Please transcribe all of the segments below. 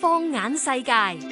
放眼世界。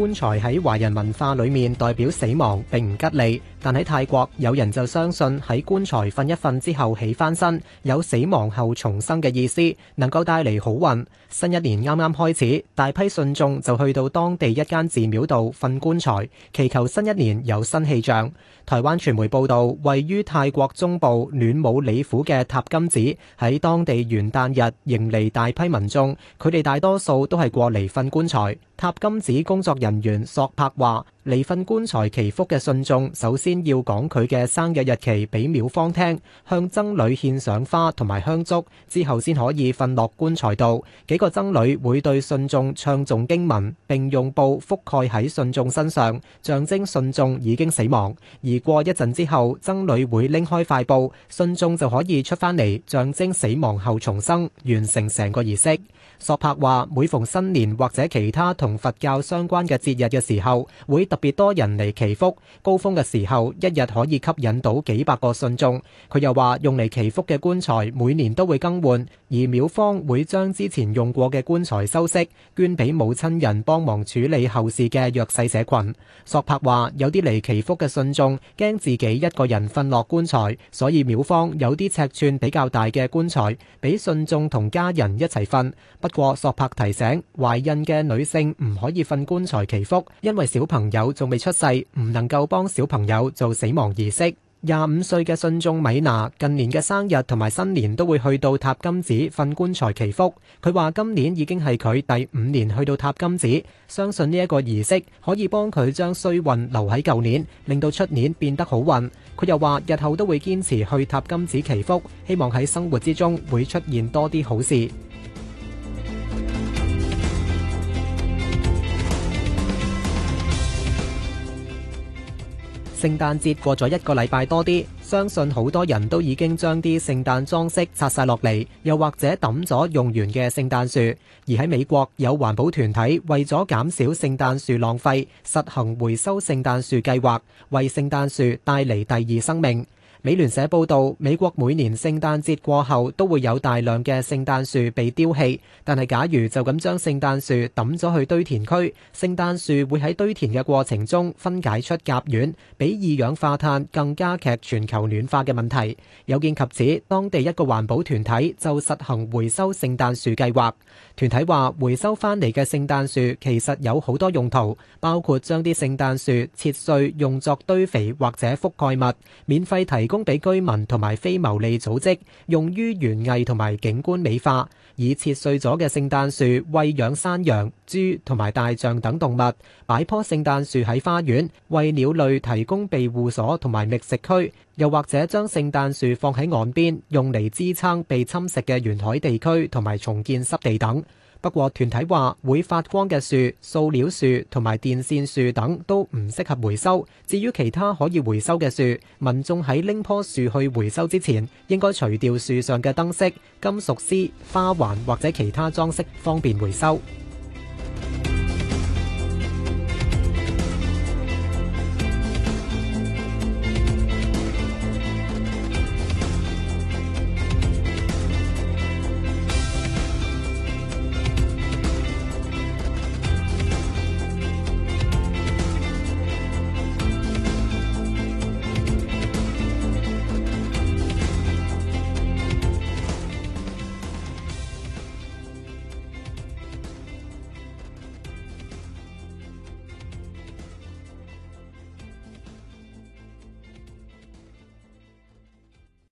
棺材喺華人文化裏面代表死亡並唔吉利，但喺泰國，有人就相信喺棺材瞓一瞓之後起翻身，有死亡後重生嘅意思，能夠帶嚟好運。新一年啱啱開始，大批信眾就去到當地一間寺廟度瞓棺材，祈求新一年有新氣象。台灣傳媒報導，位於泰國中部暖武里府嘅塔金寺，喺當地元旦日迎嚟大批民眾，佢哋大多數都係過嚟瞓棺材。塔金子工作人員索柏話。嚟瞓棺材祈福嘅信眾，首先要講佢嘅生日日期俾廟方聽，向僧侶獻上花同埋香燭，之後先可以瞓落棺材度。幾個僧侶會對信眾唱誦經文，並用布覆蓋喺信眾身上，象徵信眾已經死亡。而過一陣之後，僧侶會拎開塊布，信眾就可以出返嚟，象徵死亡後重生，完成成個儀式。索柏話：每逢新年或者其他同佛教相關嘅節日嘅時候，會特別多人嚟祈福，高峰嘅時候一日可以吸引到幾百個信眾。佢又話用嚟祈福嘅棺材每年都會更換，而廟方會將之前用過嘅棺材修飾，捐俾冇親人幫忙處理後事嘅弱勢社群。索柏話，有啲嚟祈福嘅信眾驚自己一個人瞓落棺材，所以廟方有啲尺寸比較大嘅棺材俾信眾同家人一齊瞓。不過索柏提醒懷孕嘅女性唔可以瞓棺材祈福，因為小朋友。仲未出世，唔能夠幫小朋友做死亡儀式。廿五歲嘅信眾米娜，近年嘅生日同埋新年都會去到塔金寺瞓棺材祈福。佢話今年已經係佢第五年去到塔金寺，相信呢一個儀式可以幫佢將衰運留喺舊年，令到出年變得好運。佢又話日後都會堅持去塔金寺祈福，希望喺生活之中會出現多啲好事。聖誕節過咗一個禮拜多啲，相信好多人都已經將啲聖誕裝飾拆晒落嚟，又或者抌咗用完嘅聖誕樹。而喺美國，有環保團體為咗減少聖誕樹浪費，實行回收聖誕樹計劃，為聖誕樹帶嚟第二生命。美聯社報道，美國每年聖誕節過後都會有大量嘅聖誕樹被丟棄，但係假如就咁將聖誕樹抌咗去堆填區，聖誕樹會喺堆填嘅過程中分解出甲烷，比二氧化碳更加劇全球暖化嘅問題。有見及此，當地一個環保團體就實行回收聖誕樹計劃。團體話，回收翻嚟嘅聖誕樹其實有好多用途，包括將啲聖誕樹切碎用作堆肥或者覆蓋物，免費提供，供俾居民同埋非牟利組織用於園藝同埋景觀美化，以切碎咗嘅聖誕樹餵養山羊、豬同埋大象等動物，擺棵聖誕樹喺花園，為鳥類提供庇護所同埋覓食區，又或者將聖誕樹放喺岸邊，用嚟支撐被侵蝕嘅沿海地區同埋重建濕地等。不過，團體話會發光嘅樹、塑料樹同埋電線樹等都唔適合回收。至於其他可以回收嘅樹，民眾喺拎棵樹去回收之前，應該除掉樹上嘅燈飾、金屬絲、花環或者其他裝飾，方便回收。